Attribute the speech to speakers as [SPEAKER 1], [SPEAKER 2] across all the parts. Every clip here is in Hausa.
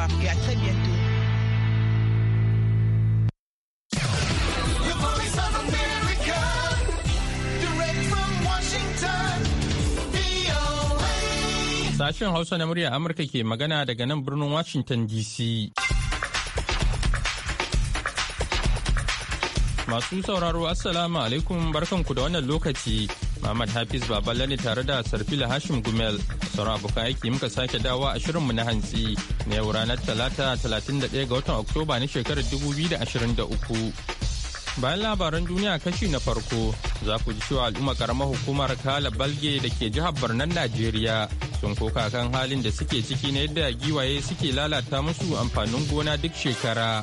[SPEAKER 1] revoir et à très bientôt.
[SPEAKER 2] Sashen Hausa na murya Amurka ke magana daga nan birnin Washington DC. Masu sauraro Assalamu alaikum barkanku da wannan lokaci. Muhammad Hafiz Baballe ne tare da Sarfila Hashim Gumel sauran abokan aiki muka sake dawa a shirin mu na hantsi na yau ranar Talata 31 ga watan Oktoba na shekarar 2023. Bayan labaran duniya kashi na farko za ku ji cewa al'umma karamar hukumar Kala Balge da ke jihar Barnan Najeriya sun koka kan halin da suke ciki na yadda giwaye suke lalata musu amfanin gona duk shekara.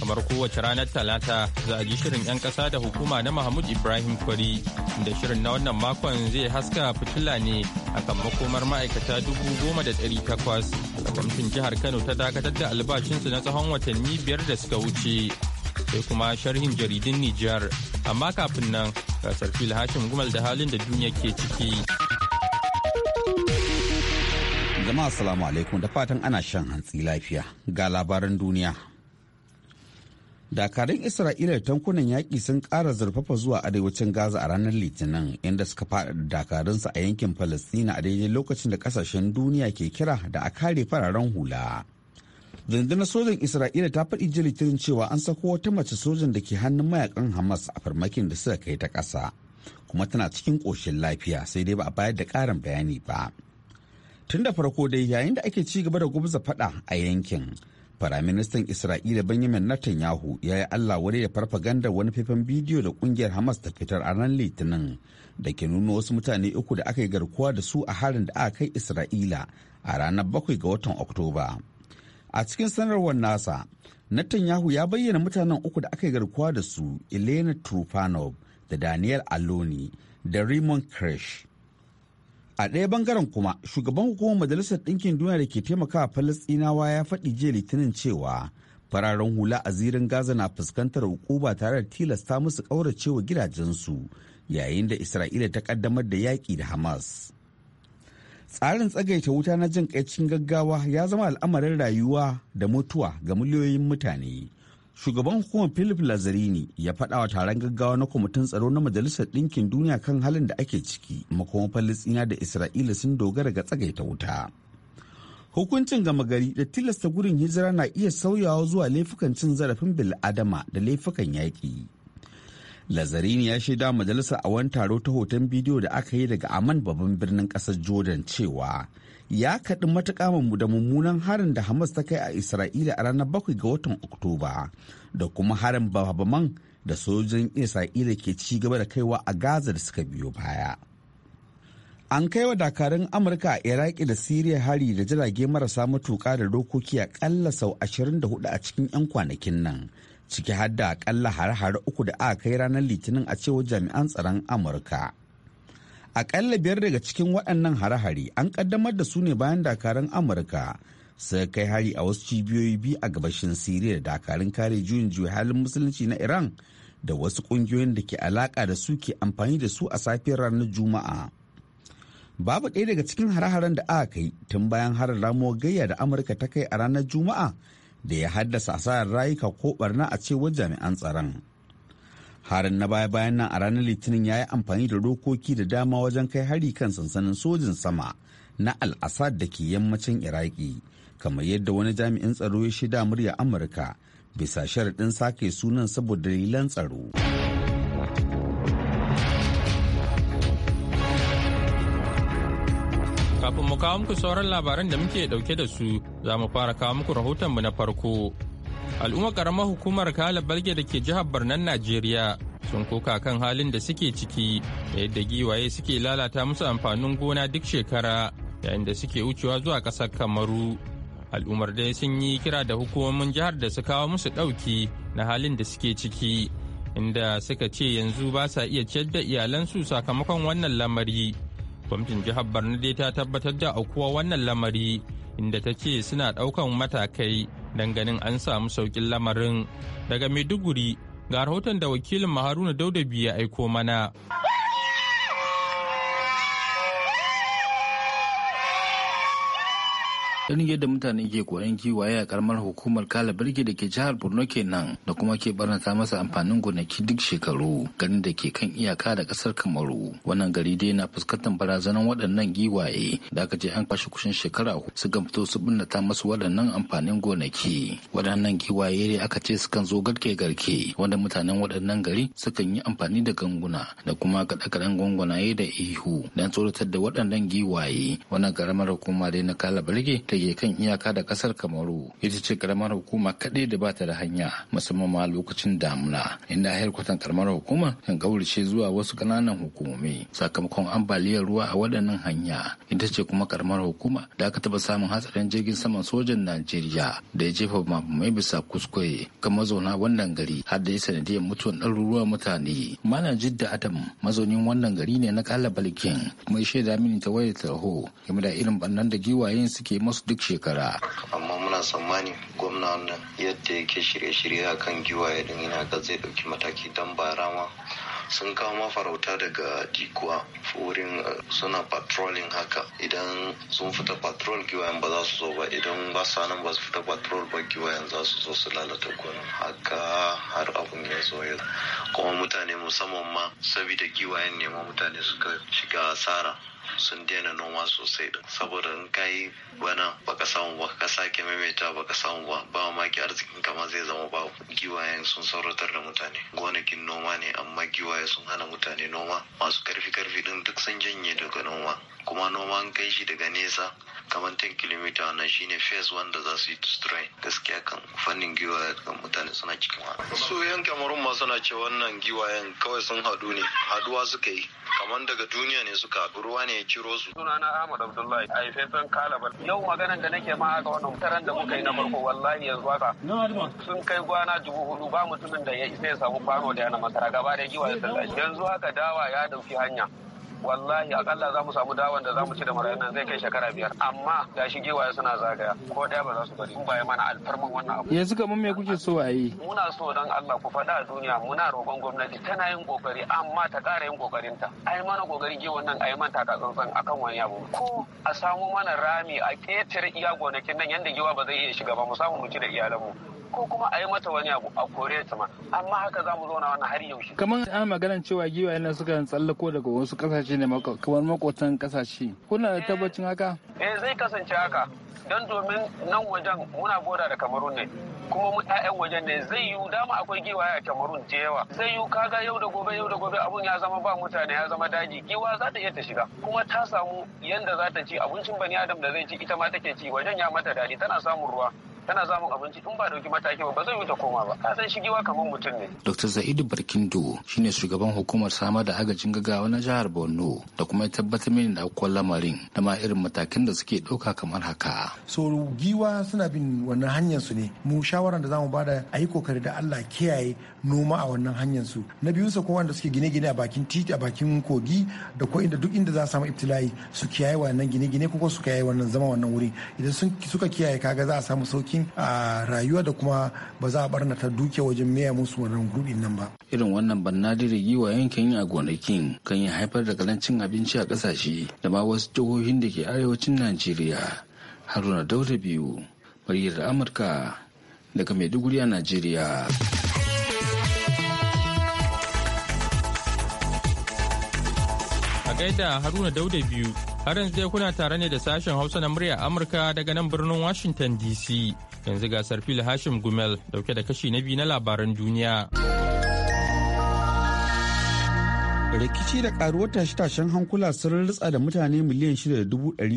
[SPEAKER 2] kamar kowace ranar talata za a ji shirin 'yan kasa da hukuma na mahmud ibrahim kwari da shirin na wannan makon zai haska fitila ne a akan makomar ma'aikata dubu goma da ɗari takwas da kwamitin jihar kano ta dakatar da albashinsu na tsawon watanni biyar da suka wuce sai kuma sharhin jaridun nijar amma kafin nan gasar fil hashim gumal da halin da duniya ke ciki
[SPEAKER 3] jama'a salamu alaikum da fatan ana shan hantsi lafiya ga labaran duniya dakarun isra'ila da tankunan yaƙi sun ƙara zurfafa zuwa arewacin gaza a ranar litinin inda suka faɗaɗa dakarunsu a yankin falastina a daidai lokacin da ƙasashen duniya ke kira da a kare fararen hula zanzanar sojan isra'ila ta faɗi jirgin litinin cewa an sako wata mace sojan da ke hannun mayakan hamas a farmakin da suka kai ta ƙasa kuma tana cikin ƙoshin lafiya sai dai ba a bayar da ƙarin bayani ba tun da farko dai yayin da ake ci gaba da gubza faɗa a yankin Firaministan Isra'ila Benjamin Netanyahu ya yi Allah wadai da farfaganda wani faifan bidiyo da kungiyar Hamas ta fitar a ran Litinin da ke nuna wasu mutane uku da aka yi garkuwa da su a harin da aka kai Isra'ila a ranar bakwai ga watan Oktoba. A cikin sanarwar nasa, Netanyahu ya bayyana mutanen uku da aka yi garkuwa da su Elena Trufanov da Daniel Aloni da Raymond Kresh a ɗaya bangaren kuma shugaban hukumar majalisar ɗinkin duniya da ke taimakawa falastinawa ya faɗi jiya litinin cewa fararen hula a zirin gaza na fuskantar hukuma tare da tilasta musu ƙauracewa gidajensu yayin da isra'ila ta ƙaddamar da yaƙi da hamas tsarin tsagaita wuta na jin cikin gaggawa ya zama al'amarin rayuwa da mutuwa ga miliyoyin mutane shugaban hukumar philip lazarini ya faɗa wa taron gaggawa na kwamitin tsaro na majalisar ɗinkin duniya kan halin da ake ciki makon falistina da isra'ila sun dogara ga tsagaita wuta hukuncin gama gari da tilasta gurin hijira na iya sauyawa zuwa laifukan cin zarafin bil'adama da laifukan yaƙi Lazarini ya shaida majalisa a wani taro ta hoton bidiyo da aka yi daga Aman babban birnin kasar Jordan cewa ya kaɗi matuƙa da mummunan harin da Hamas ta kai a Isra'ila a ranar bakwai ga watan Oktoba da kuma harin babaman da sojojin Isra'ila ke ci gaba da kaiwa a Gaza da suka biyo baya. An kai wa dakarun Amurka a Iraki da Siriya hari da jirage marasa matuƙa da dokoki a ƙalla sau 24 a cikin 'yan kwanakin nan. ciki har da akalla har hare uku da aka kai ranar litinin a cewar jami'an tsaron amurka akalla biyar daga cikin waɗannan hare-hare an kaddamar da su ne bayan dakarun amurka sai kai hari a wasu cibiyoyi biyu a gabashin siriya da dakarun kare juyin juya halin musulunci na iran da wasu ƙungiyoyin da ke alaƙa da su ke amfani da su a safiyar ranar juma'a babu ɗaya daga cikin hare-haren da aka kai tun bayan harar ramuwar gayya da amurka ta kai a ranar juma'a da ya haddasa asarar rayuka ko barna a cewar jami'an tsaron. Harin na baya-bayan nan a ranar Litinin ya yi amfani da dokoki da dama wajen kai hari kan sansanin sojin sama na Al-Assad da ke yammacin Iraki, kamar yadda wani jami'in tsaro ya shida murya Amurka bisa sharaɗin sake sunan saboda dalilan tsaro.
[SPEAKER 2] Kafin mu kawo muku sauran labaran da muke dauke da su za mu fara kawo muku rahoton mu na farko. Al'ummar karamar hukumar Kala Balge da ke jihar Barnan Najeriya sun koka kan halin da suke ciki da yadda giwaye suke lalata musu amfanin gona duk shekara yayin da suke wucewa zuwa ƙasar Kamaru. Al'ummar dai sun yi kira da hukumomin jihar da su kawo musu ɗauki na halin da suke ciki inda suka ce yanzu ba sa iya ciyar da iyalansu sakamakon wannan lamari. gwamnatin jihar Barna dai ta tabbatar da aukuwa wannan lamari inda ta ce suna ɗaukan matakai danganin an samu saukin lamarin daga Maiduguri ga rahoton da wakilin maharuna Daudabi ya aiko mana. irin yadda mutane ke koyan
[SPEAKER 4] giwaye a karamar hukumar kala birgi da ke jihar borno kenan da kuma ke barnata masa amfanin gonaki duk shekaru ganin da ke kan iyaka da kasar kamaru wannan gari dai na fuskantar barazanan waɗannan giwaye da aka je an kwashe kushin shekara sukan fito su binnata masu waɗannan amfanin gonaki waɗannan giwaye ne aka ce sukan zo garke-garke wanda mutanen waɗannan gari sukan yi amfani da ganguna da kuma kaɗe-kaɗen gwangwanaye da ihu don tsoratar da waɗannan giwaye wannan karamar hukuma dai na kala birge ta rage kan iyaka da kasar kamaru ita ce karamar hukuma kaɗai da bata da hanya musamman ma lokacin damuna inda haikwatan karamar hukuma kan kaurace zuwa wasu ƙananan hukumomi sakamakon ambaliyar ruwa a waɗannan hanya ita ce kuma karamar hukuma da aka taɓa samun hatsarin jirgin saman sojan najeriya da ya jefa mamamai bisa kuskure kan mazauna wannan gari har da ya sanadiyar mutuwar ɗaruruwan mutane malam jidda adam mazaunin wannan gari ne na kala balkin kuma ya shaida mini ta wayar tarho game da irin bannan da giwayen suke masu duk shekara.
[SPEAKER 5] Amma muna tsammani gwamna wannan yadda yake shirye-shirye a kan giwaye don yana ga zai ɗauki mataki don barama sun kawo mafarauta daga jikuwa wurin eh, suna patrolin haka idan sun fita patrol giwayen ba za su zo ba idan ba su nan ba su fita patrol ba giwayen za su zo su lalata gonan haka har abun ya zo ya kuma mutane musamman ma saboda giwayen ne ma mutane suka shiga asara sun daina noma sosai din saboda in ka yi bana baka samu ba ka sake maimaita baka samu ba ba ma maki arzikin kama zai zama ba giwayen sun sauratar da mutane gonakin noma ne amma giwaye sun hana mutane noma masu karfi karfi din duk sun janye daga noma kuma noma kai shi daga nesa kamar 10 kilomita wannan shine phase wanda za su yi strain gaskiya kan fannin giwa kan mutane suna cikin wa su yan kamarun ma suna ce wannan giwayen kawai sun hadu ne haduwa suka yi kamar daga duniya ne suka haɗu ruwa ne ya ciro su Suna na ahmad abdullahi a haifafen kalabal yau maganan da nake ma aka wannan da muka
[SPEAKER 6] yi na farko wallahi yanzu haka sun kai gwana dubu hudu ba mutumin da ya isa ya samu kwano da yana masara gaba da giwayen sallaci yanzu haka dawa ya dauki hanya wallahi akalla za mu samu dawan da za mu ci da marayun nan zai kai shekara biyar amma ga shi giwaye suna zagaya ko daya ba za su bari ba mana alfarman wannan abu yanzu
[SPEAKER 4] kamar me kuke so a
[SPEAKER 6] muna so dan Allah ku faɗa a duniya muna roƙon gwamnati tana yin kokari amma ta ƙara yin kokarin ta ai mana kokarin giwan nan ai manta ta tsantsan akan wani abu ko a samu mana rami a ƙetare iya gonakin nan yanda giwa ba zai iya shiga ba mu samu mu ci da iyalanmu ko kuma a yi mata wani abu a kore ta ma amma haka za mu na wani har yaushe.
[SPEAKER 4] kamar an magana cewa giwaye na suka tsallako daga wasu kasashe ne kamar makotan kasashe kuna da eh. tabbacin haka.
[SPEAKER 6] eh zai kasance haka don domin nan wajen muna goda da kamarun ne kuma mu 'ya'yan wajen ne zai yiwu dama akwai giwaye a kamarun da yawa zai yiwu kaga yau da gobe yau da gobe abun ya zama ba mutane ya zama daji giwa za ta iya ta shiga kuma ta samu yadda za ta ci abincin bani adam da zai ci ita ma take ci wajen ya mata daɗi tana samun ruwa tana samun abinci in ba dauki mataki ba ba zai wuce koma ba ka san shigewa kamar mutum ne
[SPEAKER 4] dr za'idu barkindo shine shugaban hukumar samar da agajin gaggawa na jihar borno da kuma ya tabbatar mini da akwai lamarin da ma irin matakin da suke dauka kamar haka so giwa suna bin wannan hanyar su ne mu shawaran da zamu bada a yi kokari da Allah kiyaye noma a wannan hanyar su na biyu sa da suke gine-gine a bakin titi a bakin kogi da ko inda duk inda za su samu ibtila'i su kiyaye wannan gine-gine ko su kiyaye wannan zama wannan wuri idan suka kiyaye kaga za a samu sauki cikin rayuwa da kuma ba za a ta duke wajen miya musu wannan gurbin nan ba. Irin wannan banna da wa yankin a gonakin kan yi haifar da kalancin abinci a kasashe da ma wasu jihohin da ke arewacin Najeriya. Haruna Dauda biyu, da Amurka daga Maiduguri a Najeriya.
[SPEAKER 2] gaida Haruna Dauda biyu, har yanzu dai kuna tare ne da sashen Hausa na murya Amurka daga nan birnin Washington DC. Yanzu gasar Sarfil Hashim Gumel dauke da kashi na biyu na labaran duniya.
[SPEAKER 3] rikici da karuwar tashe-tashen hankula sun ritsa da mutane miliyan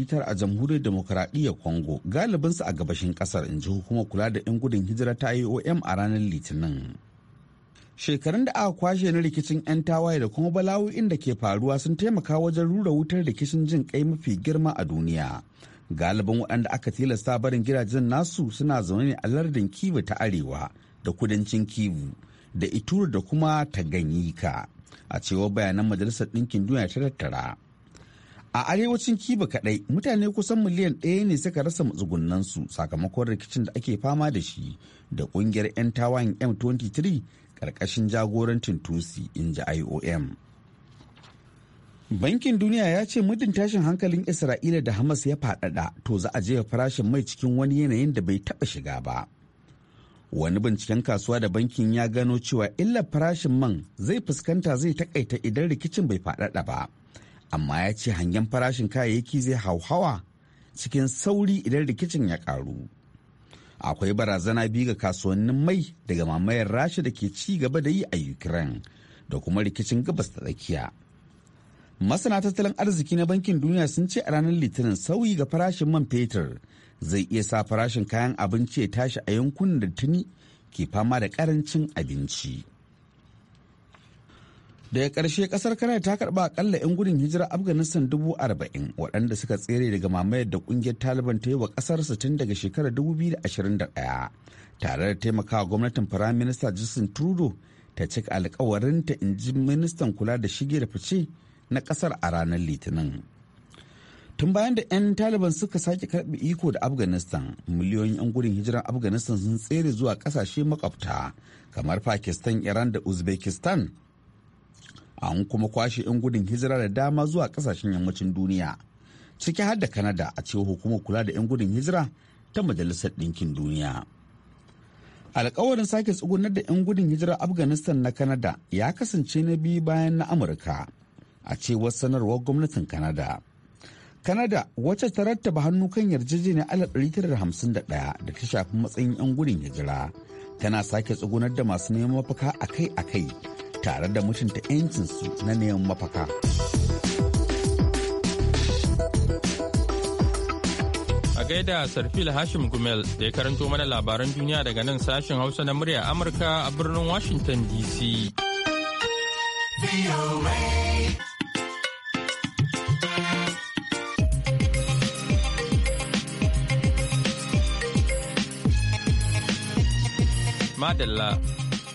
[SPEAKER 3] tara a jamhuriyar demokuraɗiyyar kongo galibinsu a gabashin kasar ji hukumar kula da 'yan gudun hijira ta iom a ranar litinin shekarun da aka kwashe na rikicin 'yan tawaye da kuma bala'o'in da ke faruwa sun taimaka wajen rura wutar rikicin jin kai mafi girma a duniya galibin waɗanda aka tilasta barin gidajen nasu suna zaune ne a lardin kivu ta arewa da kudancin kivu da ituru da kuma taganyika a cewar bayanan majalisar ɗinkin duniya ta tattara a arewacin kiba kaɗai mutane kusan miliyan ɗaya ne suka rasa matsugunansu sakamakon rikicin da ake fama da shi da ƙungiyar 'yan tawayen m23 karkashin jagorancin tusi in ji iom bankin duniya ya ce muddin tashin hankalin isra'ila da hamas ya fadada to za a jefa farashin mai cikin wani yanayin da bai taɓa shiga ba wani binciken kasuwa da bankin ya gano cewa illar farashin man zai fuskanta zai takaita idan rikicin bai fadada ba amma ya ce hangen farashin kayayyaki zai hauhawa cikin sauri idan rikicin ya karu. akwai barazana biyu ga kasuwannin mai daga mamayar rasha da ke ci gaba da yi a ukraine da kuma rikicin gabas ta tsakiya masana tattalin arziki na bankin duniya sun ce a ranar litinin sauyi ga farashin man fetur zai iya sa farashin kayan abinci ya tashi a yankunan da tuni ke fama da karancin abinci daga karshe kasar kanada ta karba akalla 'yan gudun hijira afghanistan dubu arba'in waɗanda suka tsere daga mamayar da kungiyar taliban ta yi wa ƙasar tun daga shekarar 2021 tare da taimakawa gwamnatin firayim minista justin trudeau ta cika alkawarinta in ji ministan kula da shige da fice na ƙasar a ranar litinin tun bayan da 'yan taliban suka sake karɓi iko da afghanistan miliyoyin 'yan gudun hijirar afghanistan sun tsere zuwa ƙasashe makwabta kamar pakistan iran da uzbekistan an kuma kwashe 'yan gudun hijira da dama zuwa kasashen yammacin duniya ciki har da kanada a cewa hukumar kula da 'yan gudun hijira ta majalisar ɗinkin duniya alkawarin sake tsugunar da 'yan gudun hijira afghanistan na kanada ya kasance na biyu bayan na amurka a cewar sanarwar gwamnatin kanada kanada wacce ta rattaba hannu kan yarjejeniyar 1951 da ta shafi matsayin 'yan gudun hijira tana sake tsugunar da masu neman mafaka akai-akai tare da mutunta 'yancinsu na neman mafaka.
[SPEAKER 2] A gaida Sarfil Hashim Gumel da ya karanto mana labaran duniya daga nan sashen Hausa na murya Amurka a birnin Washington DC. Madalla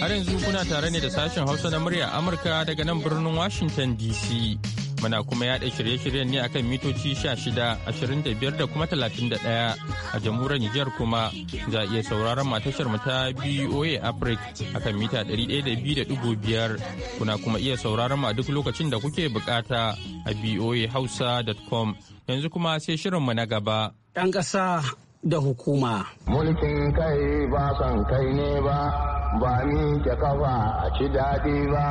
[SPEAKER 2] Har yanzu kuna tare ne da sashen Hausa na murya Amurka daga nan birnin Washington DC. Muna kuma yaɗa shirye-shiryen ne akan mitoci 16, 25 da kuma 31 a jamhuriyar Nijar kuma za iya sauraron matashar mu ta BOA Africa akan mita 102.5 kuna kuma iya sauraron mu a duk lokacin da kuke bukata a boahausa.com yanzu kuma sai shirinmu na gaba.
[SPEAKER 7] yan ƙasa da hukuma. Mulkin kai ba son kai ne ba, ba ni ke kafa a ci daɗi ba,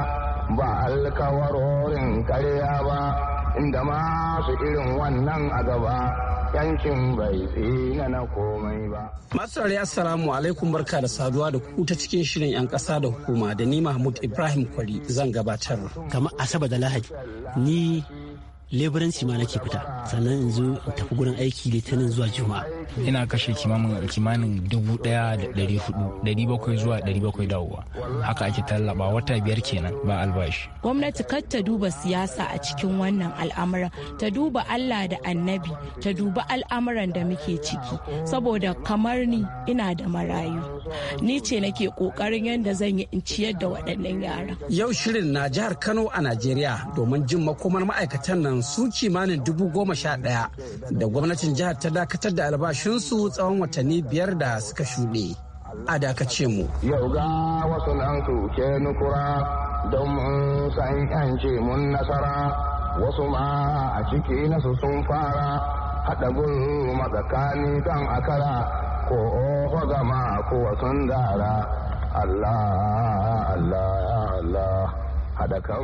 [SPEAKER 7] ba alkawarorin karya ba, inda masu irin wannan a gaba. Yankin bai tsina na komai ba.
[SPEAKER 8] Masu rari assalamu alaikum barka da saduwa da ku ta cikin shirin 'yan ƙasa da hukuma da ni Mahmud Ibrahim Kwari zan gabatar. Kamar Asaba da Lahadi, ni leburanci ma nake fita sannan in zo in tafi gurin aiki
[SPEAKER 4] litinin zuwa juma'a ina kashe kimanin dubu daya da dari hudu dari bakwai zuwa dari bakwai dawowa haka ake tallaba wata biyar kenan ba albashi
[SPEAKER 1] gwamnati kar ta duba siyasa a cikin wannan al'amura ta duba allah da annabi ta duba al'amuran da muke ciki saboda kamar ni ina da marayu ni ce nake kokarin yadda zan yi in ciyar da waɗannan yara
[SPEAKER 8] yau shirin na jihar kano a najeriya domin jin makomar ma'aikatan nan su kimanin dubu goma sha ɗaya da gwamnatin jihar ta dakatar da albashinsu tsawon watanni biyar da suka shuɗe. A dakace mu.
[SPEAKER 7] Yau ga wasu nan su ke nukura don mun san yance mun nasara wasu ma a ciki nasu sun fara haɗa gulu matsakani kan akara ko oho gama ko wasu dara Allah Allah Allah. haɗa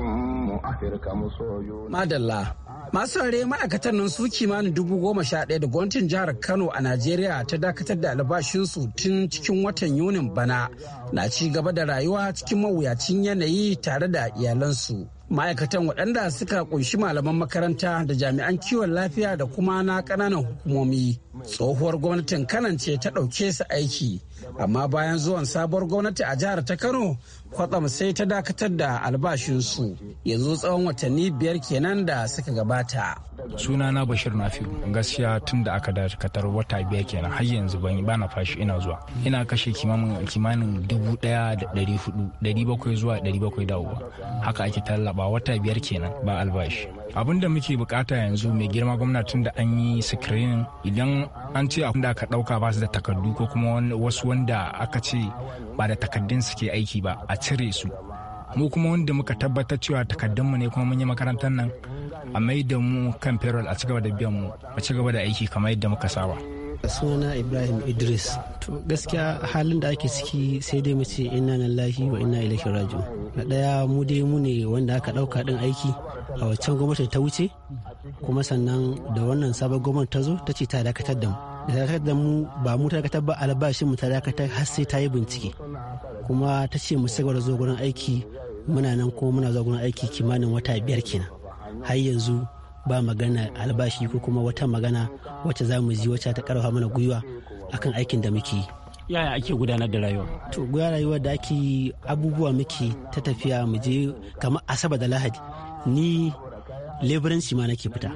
[SPEAKER 7] mu afirka mu soyo.
[SPEAKER 8] Madalla. masu rare ma'aikatan nan su kimanin dubu goma sha ɗaya da gwamnatin jihar kano a najeriya ta dakatar da albashinsu tun cikin watan yunin bana na ci gaba da rayuwa cikin mawuyacin yanayi tare da iyalansu ma'aikatan waɗanda suka kunshi malaman makaranta da jami'an kiwon lafiya da kuma na ƙananan hukumomi tsohuwar gwamnatin kanan ce ta ɗauke su aiki amma bayan zuwan sabuwar gwamnati a jihar ta kano kwatsam sai ta dakatar da albashinsu yanzu tsawon watanni biyar kenan da suka gabata.
[SPEAKER 4] sunana bashir nafi'u gaskiya tun da aka dakatar wata biyar kenan har yanzu ban ba na fashi ina zuwa ina kashe kimanin kimanin dubu daya da dari hudu dari bakwai zuwa dari bakwai dawowa haka ake tallaba wata biyar kenan ba albashi abin da muke bukata yanzu mai girma gwamnatin da an yi sikirin idan an ce abin da aka dauka ba su da takardu ko kuma wasu wanda aka ce ba da takardun suke aiki ba a cire su mu kuma wanda muka tabbatar cewa takaddunmu ne kuma mun yi makarantar nan a mai da mu kan payroll a cigaba da biyan mu a cigaba da aiki kamar
[SPEAKER 5] yadda muka saba
[SPEAKER 9] sunana ibrahim idris to gaskiya halin da ake ciki sai dai mace inna lillahi wa inna ilaihi raji'un na daya mu dai mu ne wanda aka dauka din aiki a waccan gwamnati ta wuce kuma sannan da wannan sabon gwamnati ta zo ta ce ta dakatar da mu da dakatar da mu ba mu ta dakatar ba albashin mu ta dakatar har sai ta yi bincike kuma ta ce mu cigaba da zuwa gurin aiki muna nan kuma muna zuwa gurin aiki kimanin wata biyar kenan har yanzu ba magana albashi ko kuma wata magana wacce za mu ji wacce ta karfa mana gwiwa akan aikin da muke yi
[SPEAKER 8] yaya ake gudanar da rayuwa to
[SPEAKER 9] gudanar rayuwa da ake abubuwa muke ta tafiya mu je kamar asabar da lahadi ni leburanci ma nake fita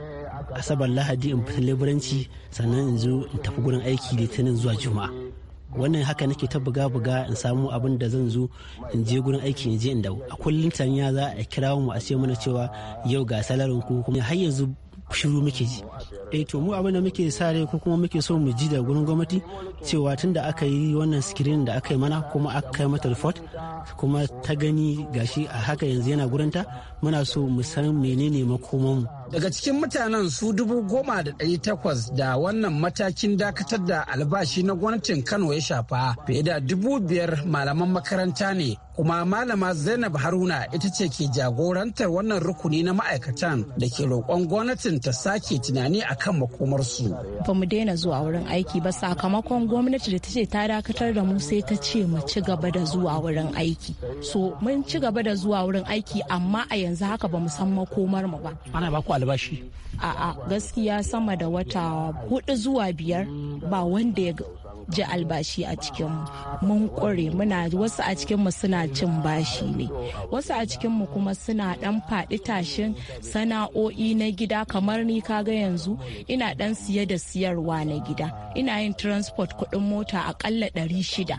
[SPEAKER 9] asabar lahadi in fita leburanci sannan in zo in tafi gurin aiki litinin zuwa juma'a wannan haka nake ta buga buga in samu abin da zan zo in je gurin aiki in je in dawo a kullum tanya za a kira mu a ce mana cewa yau ga salarin ku kuma har yanzu shiru muke ji eh to mu abin da muke sa rai ko kuma muke so mu ji da gurin gwamnati cewa tun da aka yi wannan screen da aka yi mana kuma aka kai mata report kuma ta gani gashi a haka yanzu yana gurinta muna so mu san menene makoman mu
[SPEAKER 8] Daga cikin mutanen su dubu goma da ɗari takwas da wannan matakin dakatar da albashi na gwamnatin Kano ya shafa fiye da dubu biyar malaman makaranta ne kuma malama zainab haruna ita ce ke jagorantar wannan rukuni na ma'aikatan da ke roƙon gwamnatin ta sake tunani akan makomarsu.
[SPEAKER 1] ba mu daina zuwa wurin aiki ba sakamakon gwamnati da ta ce ta dakatar da mu sai ta ce mu ci gaba da zuwa wurin aiki so mun ci gaba da zuwa wurin aiki amma a yanzu haka ba mu san makomar mu ba albashi a'a gaskiya sama da wata hudu zuwa biyar ba wanda ya ji albashi a cikin mun kware muna wasu a cikin mu suna cin bashi ne wasu a cikin mu kuma suna dan faɗi tashin sana'o'i na gida kamar ni ka ga yanzu ina dan siye da siyarwa na gida ina yin transport kuɗin mota akalla ɗari shida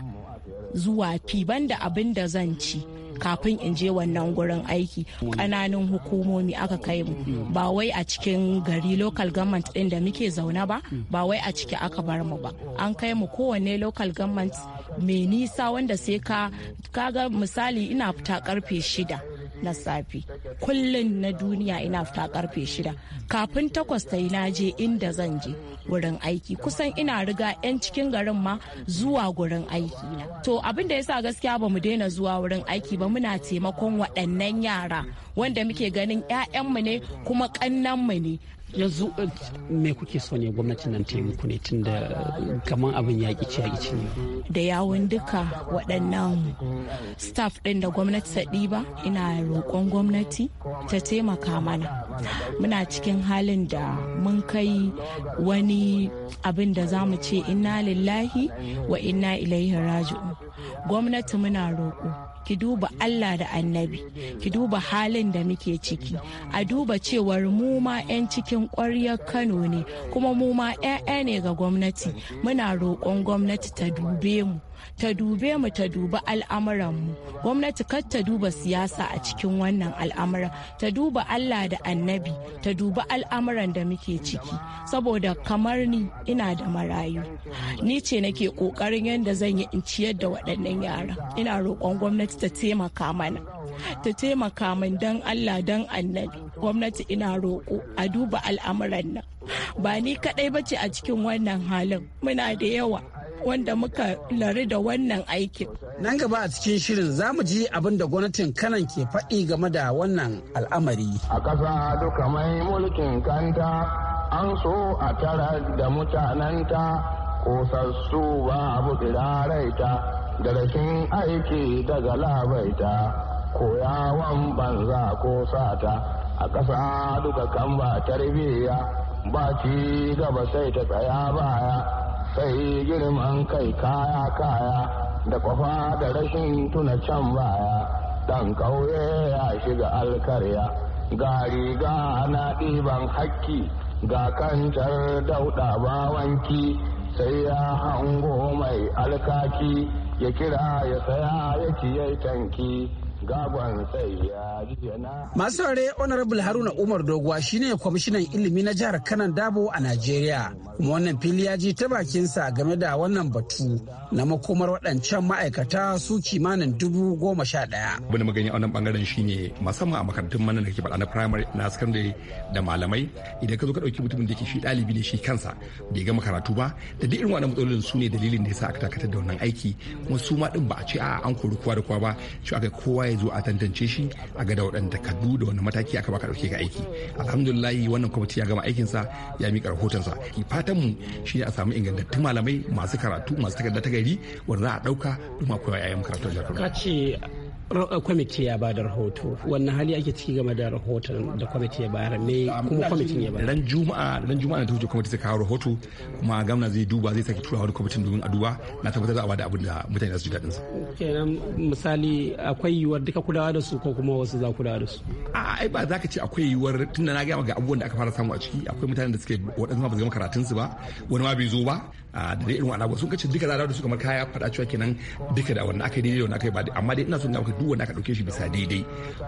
[SPEAKER 1] zuwa fi banda abin da zan ci kafin in je wannan gurin aiki ƙananun hukumomi aka kai mu ba wai a cikin gari local government ɗin da muke zaune ba ba wai a ciki aka bar mu ba an kai mu kowanne local government mai nisa wanda sai ka kaga misali ina fita karfe shida na safe kullum na duniya ina fita karfe shida kafin takwas ta yi na je inda zan je wurin aiki kusan ina riga 'yan cikin garin ma zuwa gurin aiki na to abin da yasa gaskiya ba mu daina zuwa wurin aiki ba muna taimakon waɗannan yara wanda muke ganin 'ya'yanmu ne kuma mu ne yanzu eh,
[SPEAKER 8] me kuke so ne gwamnatin nan ta yi muku ne tun da eh, kamar abin yaƙi ci yaƙi ne
[SPEAKER 1] da yawun duka waɗannan staff ɗin da gwamnati ta ɗiba ina roƙon gwamnati ta taimaka mana muna cikin halin da mun kai wani abin da za mu ce inna lillahi wa inna ilaihi raji'un gwamnati muna roƙo ki duba Allah da annabi ki duba halin da muke ciki a duba cewar mu ma 'yan cikin ƙwaryar Kano ne kuma mu ma 'ya'ya ne ga gwamnati muna roƙon gwamnati ta dube mu ta dube mu ta dubi al'amuranmu gwamnati kar ta duba siyasa a cikin wannan al'amura ta duba allah da annabi ta dubi al'amuran da muke ciki saboda kamar ni ina da marayu ni ce nake kokarin yadda zan yi inci ciyar da waɗannan yara ina roƙon gwamnati ta taimaka mana ta taimaka min don allah don annabi gwamnati ina roƙo a duba al'amuran nan ba ni kaɗai ce a cikin wannan halin muna da yawa wanda muka lari da wannan aikin. Nan
[SPEAKER 8] gaba a cikin shirin za mu ji abin da gwamnatin kanan ke faɗi game da wannan al'amari.
[SPEAKER 7] A ƙasa duka mai mulkin kanta an so a tara da mutananta kosassu ba abu tsiraraita da rashin aiki daga labaita koyawan banza ko sata a ƙasa duka kan ba tarbiyya ba ci gaba sai ta tsaya baya. sai girman kai kaya kaya da kwafa da rashin tuna can baya dan kauye ya shiga alkarya ga riga na ɗiban hakki ga kantar dauɗa bawanki sai ya hango mai alkaki ya kira ya saya ya ciye tanki
[SPEAKER 8] Masu saurare Honorable Haruna Umar Doguwa shine kwamishinan ilimi na jihar Kanan Dabo a Najeriya. Kuma wannan fili ya ji ta bakinsa game da wannan batu na makomar waɗancan ma'aikata su
[SPEAKER 10] kimanin dubu goma sha ɗaya. Abin magani a wannan bangaren shine musamman a makarantun mana da ke faɗa na primary na secondary da malamai idan ka zo ka ɗauki mutumin da ke shi ɗalibi ne shi kansa bai gama karatu ba da duk irin wannan matsalolin su ne dalilin da ya sa aka takatar da wannan aiki kuma su ma ɗin ba a ce a an kori kowa da kowa ba shi aka kowa ya zo a tantance shi a ga da waɗanda takardu da wani mataki aka baka ɗauke ka aiki alhamdulillah wannan kwamiti ya gama aikinsa ya miƙa rahotonsa fatan mu shi ne a samu ingantattun malamai masu karatu masu takarda ta gari wanda za a ɗauka domin koya yayan karatu a ka
[SPEAKER 8] ce Uh, kwamiti ya bada rahoto wannan hali ake ciki game da rahoton
[SPEAKER 10] da kwamiti ya bayar me ah, kuma kwamitin ya bayar ran juma'a ran juma'a ta wuce kwamiti ta kawo rahoto kuma gamna zai duba zai sake tura wani kwamitin domin a duba na tabbatar da bada abin da mutane su ji daɗin su kenan misali akwai yiwuwar duka kulawa da su ko kuma wasu za kulawa da su a ai ba za ka ce akwai yiwuwar tunda na ga maka abubuwan da aka fara samu a ciki akwai mutanen da suke waɗansu ma ba su gama karatun su ba wani ma bai zo ba ah, da dai irin wani abu sun kace duka za da su kamar kaya faɗa cewa kenan duka da wannan aka yi daidai da wannan aka yi ba amma dai ina son da aka duk wanda aka dauke shi bisa daidai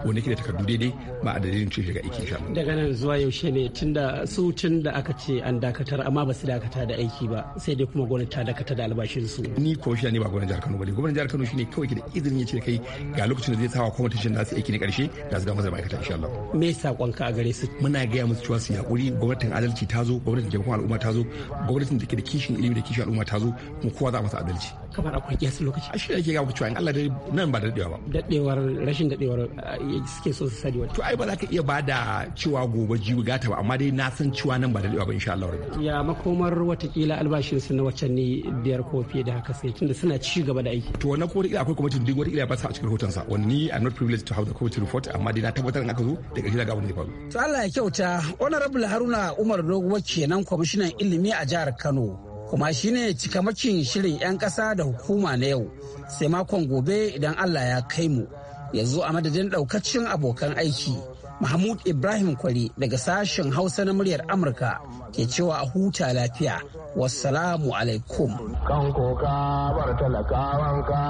[SPEAKER 10] wanda yake da takardu daidai ba a dalilin cewa shiga aiki sha
[SPEAKER 8] daga nan zuwa yaushe ne tunda su tun da aka ce an dakatar amma ba su dakata da
[SPEAKER 10] aiki ba sai dai kuma gwamnati ta dakata da albashin su ni ko shi ne ba gwamnatin jihar Kano bane gwamnatin jihar Kano shine kawai ke da izinin ya ce kai ga lokacin da zai sawa competition da su aiki ne karshe da su ga mazar ma'aikata insha Allah me kwanka a gare su muna gaya musu cewa su hakuri gwamnatin adalci ta zo gwamnatin taimakon al'umma ta zo gwamnatin da ke da kishin ilimi da kishin al'umma ta zo kuma kowa za a masa adalci kamar akwai kiyasi lokaci a shi ke gaba cewa in Allah da nan ba da daɗewa ba
[SPEAKER 8] dadewar rashin dadewar eh, suke so su sani to ai
[SPEAKER 10] ba za ka iya ba da cewa gobe jibi gata ba amma dai na san cewa nan ba da ba insha Allah
[SPEAKER 8] ya makomar watakila albashin su na waccan ne biyar ko fiye da haka sai tunda suna ci gaba da aiki to
[SPEAKER 10] wannan ko da akwai kwamitin duk wata ba sa a cikin rahoton sa wani i'm not privileged to have the committee report amma dai na tabbatar in aka zo daga gida ga wani da faru
[SPEAKER 8] to Allah ya kyauta honorable Haruna Umar Dogo kenan kwamishinan ilimi a jihar Kano kuma shine cikamakin shirin 'yan ƙasa da hukuma na yau sai makon gobe idan allah ya kai mu yanzu a madadin daukacin abokan aiki mahmud ibrahim kwari daga sashen hausa na muryar amurka ke cewa a huta lafiya
[SPEAKER 7] wassalamu alaikum kan koka bar talakawanka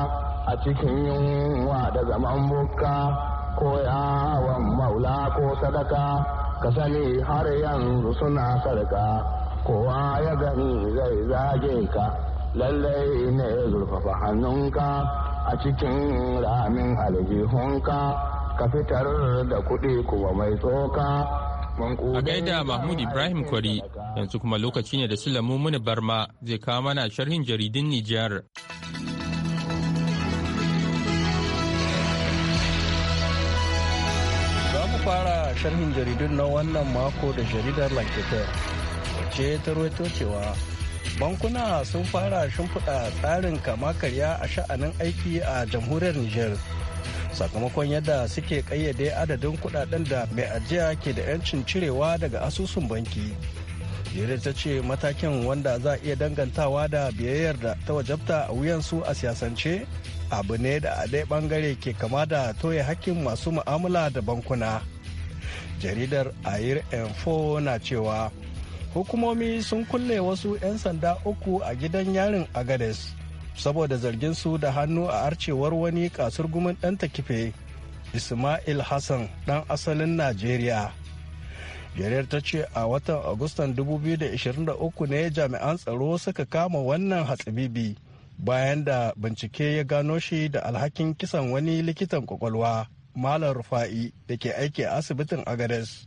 [SPEAKER 7] a cikin yunwa da zaman ko yawon maula ko sadaka ka sani har yanzu suna sarka kowa ya gani zai zage ka lallai ne zurfafa hannunka a cikin ramin aljihunka ka fitar da kuɗi kuma mai tsoka a gaida
[SPEAKER 2] mahmud ibrahim kwari yanzu kuma lokaci ne da sulamu muni barma zai kawo mana sharhin jaridin nijar
[SPEAKER 5] za fara sharhin jaridun na wannan mako da jaridar lankitar ce ta ruwaito cewa bankuna sun fara shimfiɗa tsarin kama karya a sha'anin aiki a jamhuriyar niger sakamakon yadda suke kayyade adadin kudaden da mai ajiya ke da 'yancin cirewa daga asusun banki jere ta ce matakin wanda za a iya dangantawa da biyayyar da ta wajabta a wuyansu a siyasance abu ne da a ɗaya bangare ke kama da toye hakkin masu mu'amala da bankuna jaridar air info na cewa hukumomi sun kulle wasu 'yan sanda uku a gidan yarin agades saboda zargin su da hannu a arcewar wani kasurgumin ɗan takife ismail hassan ɗan asalin najeriya jariyar ta ce a watan agustan 2023 ne jami'an tsaro suka kama wannan hatsibibi bayan da bincike ya gano shi da alhakin kisan wani likitan kwakwalwa malam rufa'i da ke aiki a asibitin agades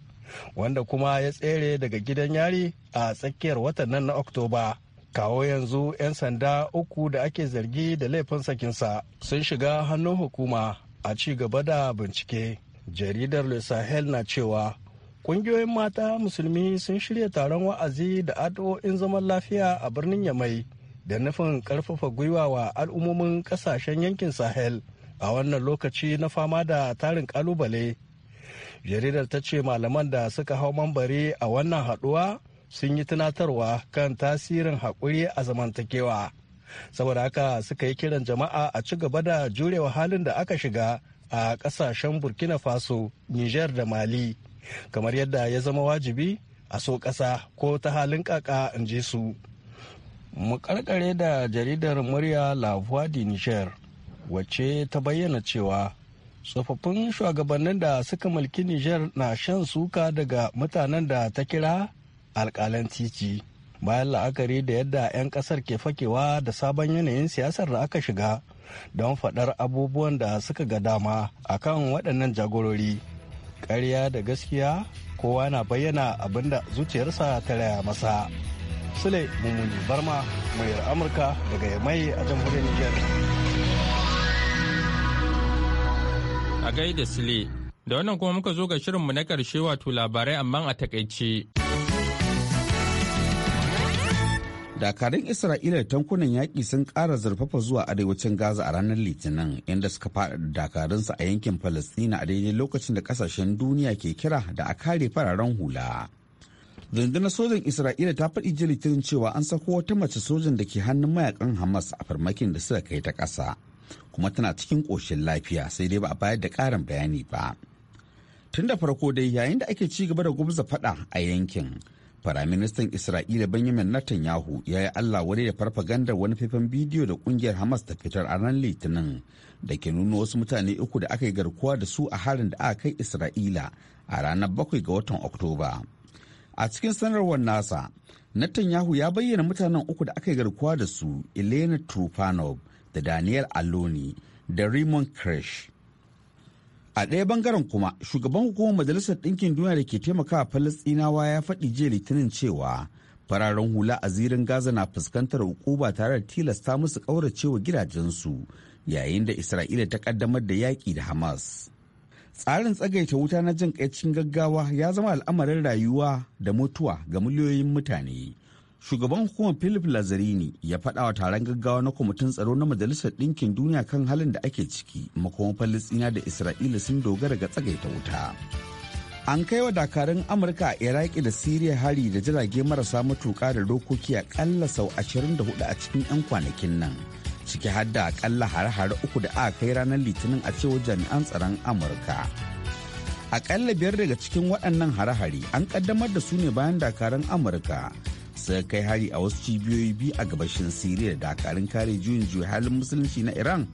[SPEAKER 5] wanda kuma ya tsere daga gidan yari a tsakiyar watan nan na oktoba kawo yanzu 'yan sanda uku da ake zargi da laifin sakinsa sun shiga hannun hukuma a ci gaba da bincike jaridar le sahel na cewa ƙungiyoyin mata musulmi sun shirya taron wa'azi da addu'o'in zaman lafiya a birnin yamai da nufin karfafa gwiwa wa al'ummomin kasashen yankin sahel a wannan lokaci na fama da tarin ƙalubale. jaridar ta ce malaman da suka hau mambari a wannan haɗuwa sun yi tunatarwa kan tasirin haƙuri a zamantakewa saboda haka suka yi kiran jama'a a ci gaba da jurewa halin da aka shiga a ƙasashen burkina faso niger da mali kamar yadda ya zama wajibi a so ƙasa ko ta halin kaka in ji su mu da jaridar murya la voix niger wacce ta bayyana cewa tsofaffin shugabannin da suka mulki Nijar na shan suka daga mutanen da ta kira alkalan titi bayan la'akari da yadda 'yan kasar ke fakewa da sabon yanayin siyasar da aka shiga don faɗar abubuwan da suka ga dama a kan waɗannan jagorori ƙarya da gaskiya kowa na bayyana abin da zuciyarsa ta raya masa sule mummuni barma muryar amurka daga yamai a jamhuriyar nijar
[SPEAKER 2] a gaida Sile. Da wannan kuma muka zo ga shirinmu na karshe wato labarai amma a takaice.
[SPEAKER 3] Dakarun Isra'ila da tankunan yaƙi sun ƙara zurfafa zuwa arewacin Gaza a ranar Litinin inda suka faɗa dakarunsu a yankin palestina a daidai lokacin da ƙasashen duniya ke kira da a kare fararen hula. rundunar sojan isra'ila ta faɗi jiri litinin cewa an sako wata mace sojan da ke hannun mayakan hamas a farmakin da suka kai ta ƙasa kuma tana cikin ƙoshin lafiya sai dai ba a bayar da ƙarin bayani ba tun da farko dai yayin da ake ci gaba da gubza faɗa a yankin faraministan Isra'ila Benjamin Netanyahu ya yi Allah wani da farfagandar wani faifan bidiyo da kungiyar Hamas ta fitar a ran Litinin da ke nuna wasu mutane uku da aka yi garkuwa da su a harin da aka kai Isra'ila a ranar bakwai ga watan Oktoba. A cikin sanarwar nasa, Netanyahu ya bayyana mutanen uku da aka yi garkuwa da su Elena trufanov da Daniel Aloni da Raymond Kresh. A ɗaya bangaren kuma, shugaban hukumar Majalisar Ɗinkin Duniya da ke taimakawa Falasɗinawa ya faɗi jiya Litinin cewa fararen hula a zirin Gaza na fuskantar hukuma tare da tilasta musu ƙauracewa gidajensu yayin da Isra'ila ta ƙaddamar da yaƙi da Hamas. Tsarin tsagaita wuta na jin ƙaicin gaggawa ya zama al'amarin rayuwa da mutuwa ga miliyoyin mutane shugaban hukumar philip lazarini ya faɗa wa taron gaggawa na kwamitin tsaro na majalisar ɗinkin duniya kan halin da ake ciki makon falistina da isra'ila sun dogara ga tsagaita wuta an kai wa dakarun amurka a iraki da siriya hari da jirage marasa matuƙa da dokoki a ƙalla sau 24 a cikin 'yan kwanakin nan ciki har da aƙalla hare-hare uku da aka kai ranar litinin a cewar jami'an tsaron amurka aƙalla biyar daga cikin waɗannan hare-hare an ƙaddamar da su ne bayan dakarun amurka suka kai hari a wasu cibiyoyi biyu a gabashin siriya da dakarun kare juyin juya halin musulunci na iran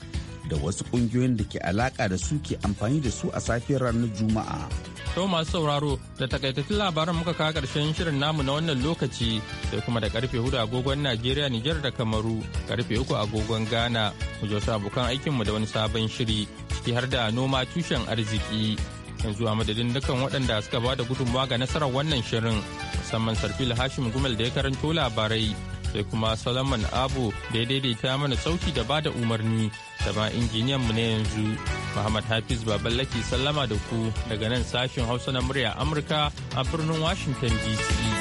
[SPEAKER 3] da wasu kungiyoyin da ke alaka da su ke amfani da su a safiyar ranar juma'a
[SPEAKER 2] to masu sauraro da takaitattun labaran muka kawo karshen shirin namu na wannan lokaci sai kuma da karfe hudu agogon najeriya nijar da kamaru karfe uku agogon ghana mu je wasu abokan aikinmu da wani sabon shiri ciki har da noma tushen arziki yanzu a madadin dukkan waɗanda suka ba da gudunmawa ga nasarar wannan shirin musamman sarfil hashim gumel da ya karanto labarai sai kuma salaman abu da ya daidaita mana sauki da ba da umarni da ma injiniyan mu na yanzu muhammad hafiz baballaki sallama da ku daga nan sashen hausa na murya amurka a birnin washington dc